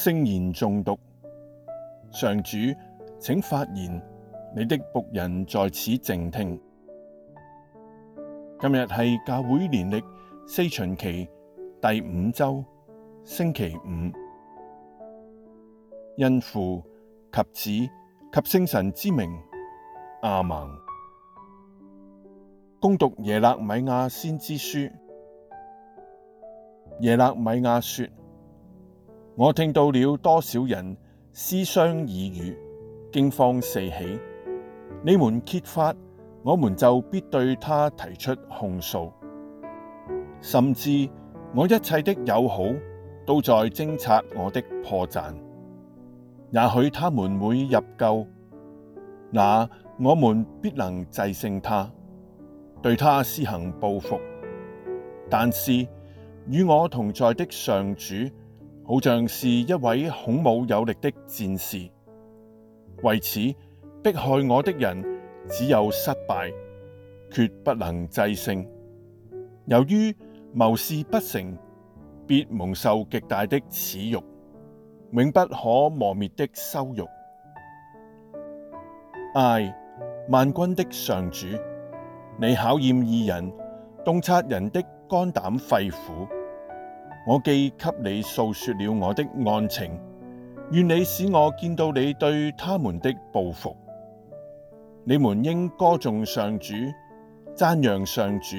聖言誦讀，上主，請發言，你的僕人在此靜聽。今日係教會年曆四旬期第五周，星期五，因父及子及聖神之名，阿們。恭讀耶肋米亞先知書，耶肋米亞說。我聽到了多少人私相耳語，驚慌四起。你們揭發，我們就必對他提出控訴。甚至我一切的友好都在偵察我的破綻。也許他們會入彀，那我們必能制勝他，對他施行報復。但是，與我同在的上主。好像是一位孔武有力的戰士，為此迫害我的人只有失敗，決不能制勝。由於謀事不成，必蒙受極大的恥辱，永不可磨滅的羞辱。唉，萬軍的上主，你考驗義人，洞察人的肝膽肺腑。我既給你訴說了我的案情，願你使我見到你對他們的報復。你們應歌頌上主，讚揚上主，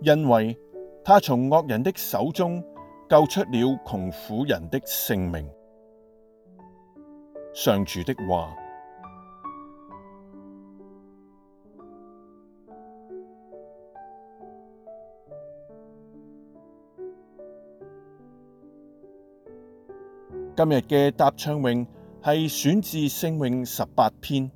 因為他從惡人的手中救出了窮苦人的性命。上主的話。今日嘅答唱詠係選自聖詠十八篇。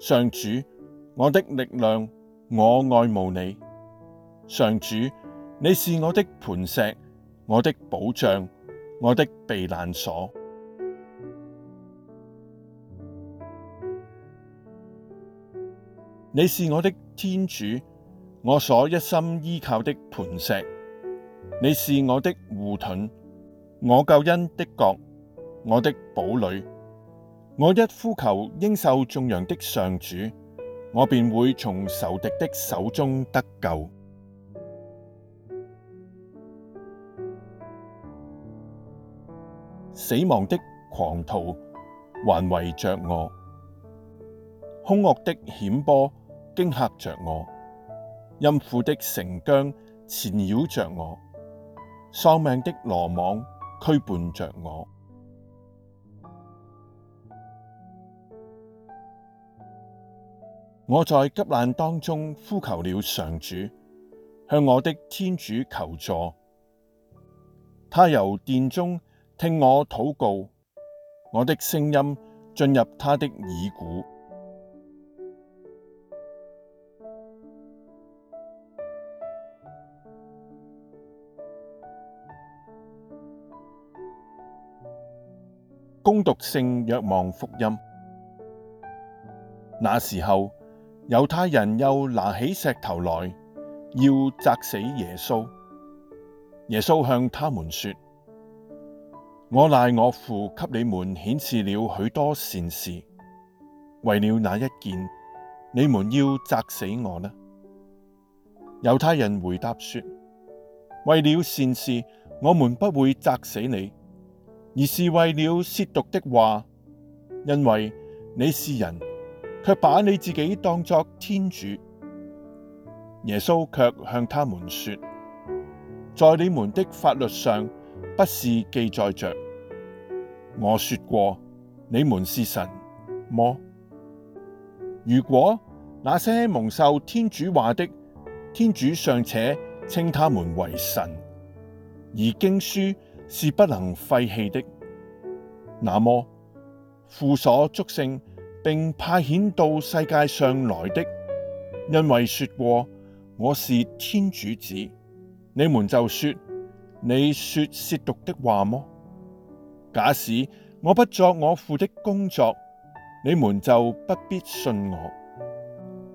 上主，我的力量，我愛慕你。上主，你是我的磐石，我的保障，我的避難所。你是我的天主，我所一心依靠的磐石。你是我的護盾，我救恩的角，我的堡壘。我一呼求應受頌揚的上主，我便會從仇敵的手中得救。死亡的狂濤環圍着我，凶惡的險波驚嚇着我，陰府的繩韁纏繞着我。喪命的羅網拘絆着我，我在急難當中呼求了上主，向我的天主求助。他由殿中聽我禱告，我的聲音進入他的耳鼓。恭讀聖若望福音。那時候，猶太人又拿起石頭來，要砸死耶穌。耶穌向他們說：我賴我父給你們顯示了許多善事，為了那一件，你們要砸死我呢？猶太人回答說：為了善事，我們不會砸死你。而是為了褻瀆的話，因為你是人，却把你自己當作天主。耶穌却向他們說：在你們的法律上不是記載着我說過你們是神麼？如果那些蒙受天主話的，天主尚且稱他們為神，而經書。是不能廢棄的。那麼父所祝聖，並派遣到世界上來的，因為說過我是天主子，你們就說：你說褻瀆的話麼？假使我不作我父的工作，你們就不必信我；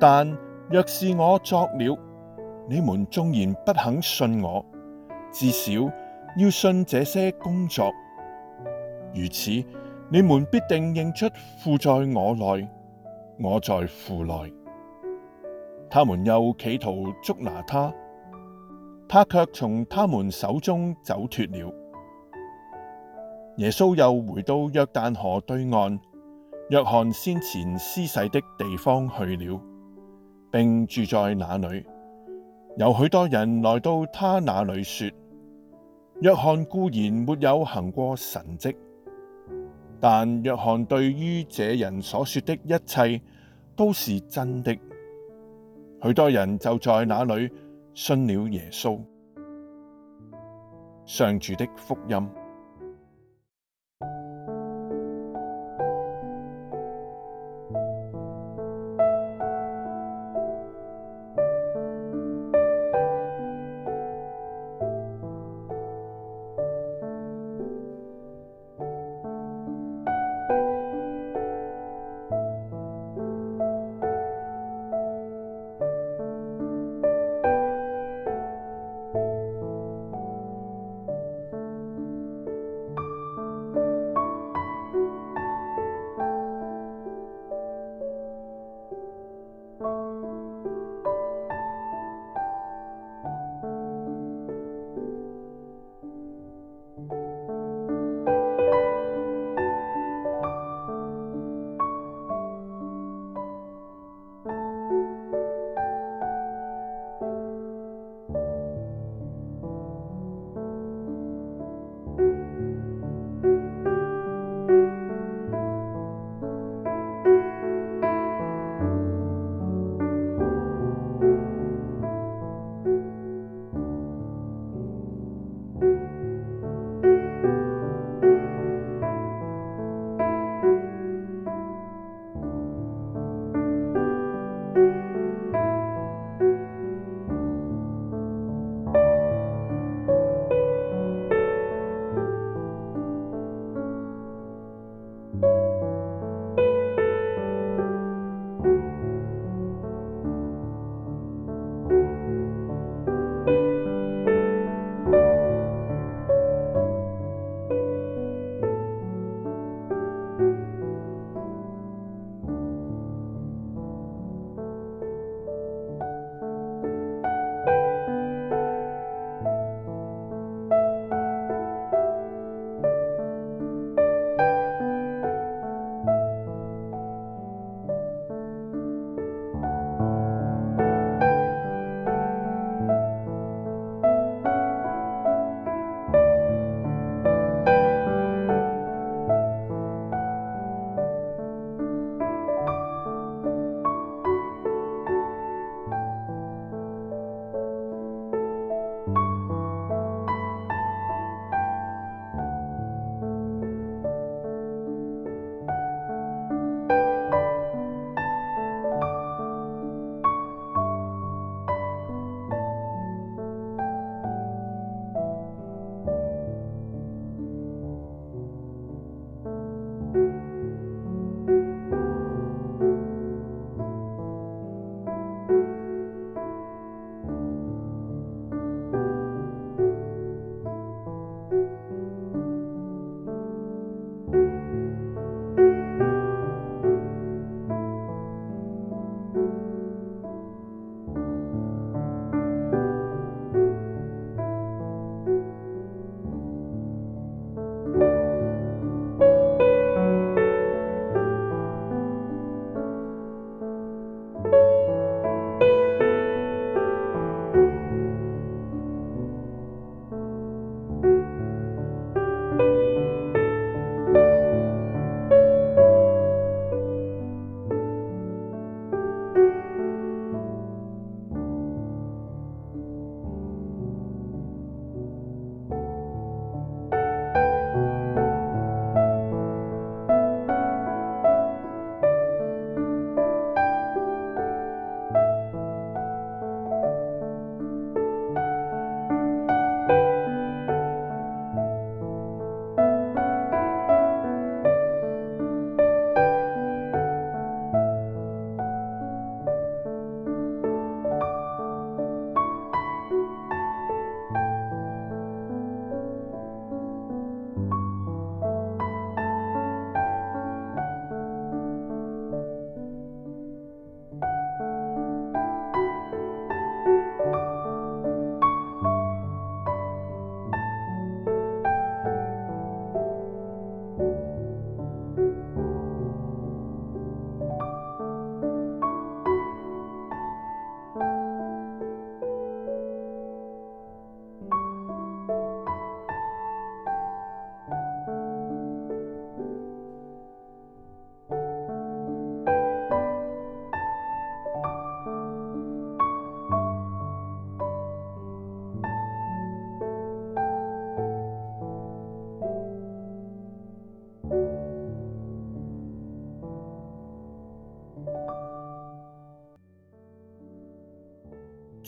但若是我作了，你們縱然不肯信我，至少。要信這些工作，如此你們必定認出父在我內，我在父內。他們又企圖捉拿他，他却從他們手中走脱了。耶穌又回到約旦河對岸，若翰先前施洗的地方去了，並住在那裏。有許多人來到他那裏說。若翰固然沒有行過神蹟，但若翰對於這人所說的一切都是真的。許多人就在那裏信了耶穌。上主的福音。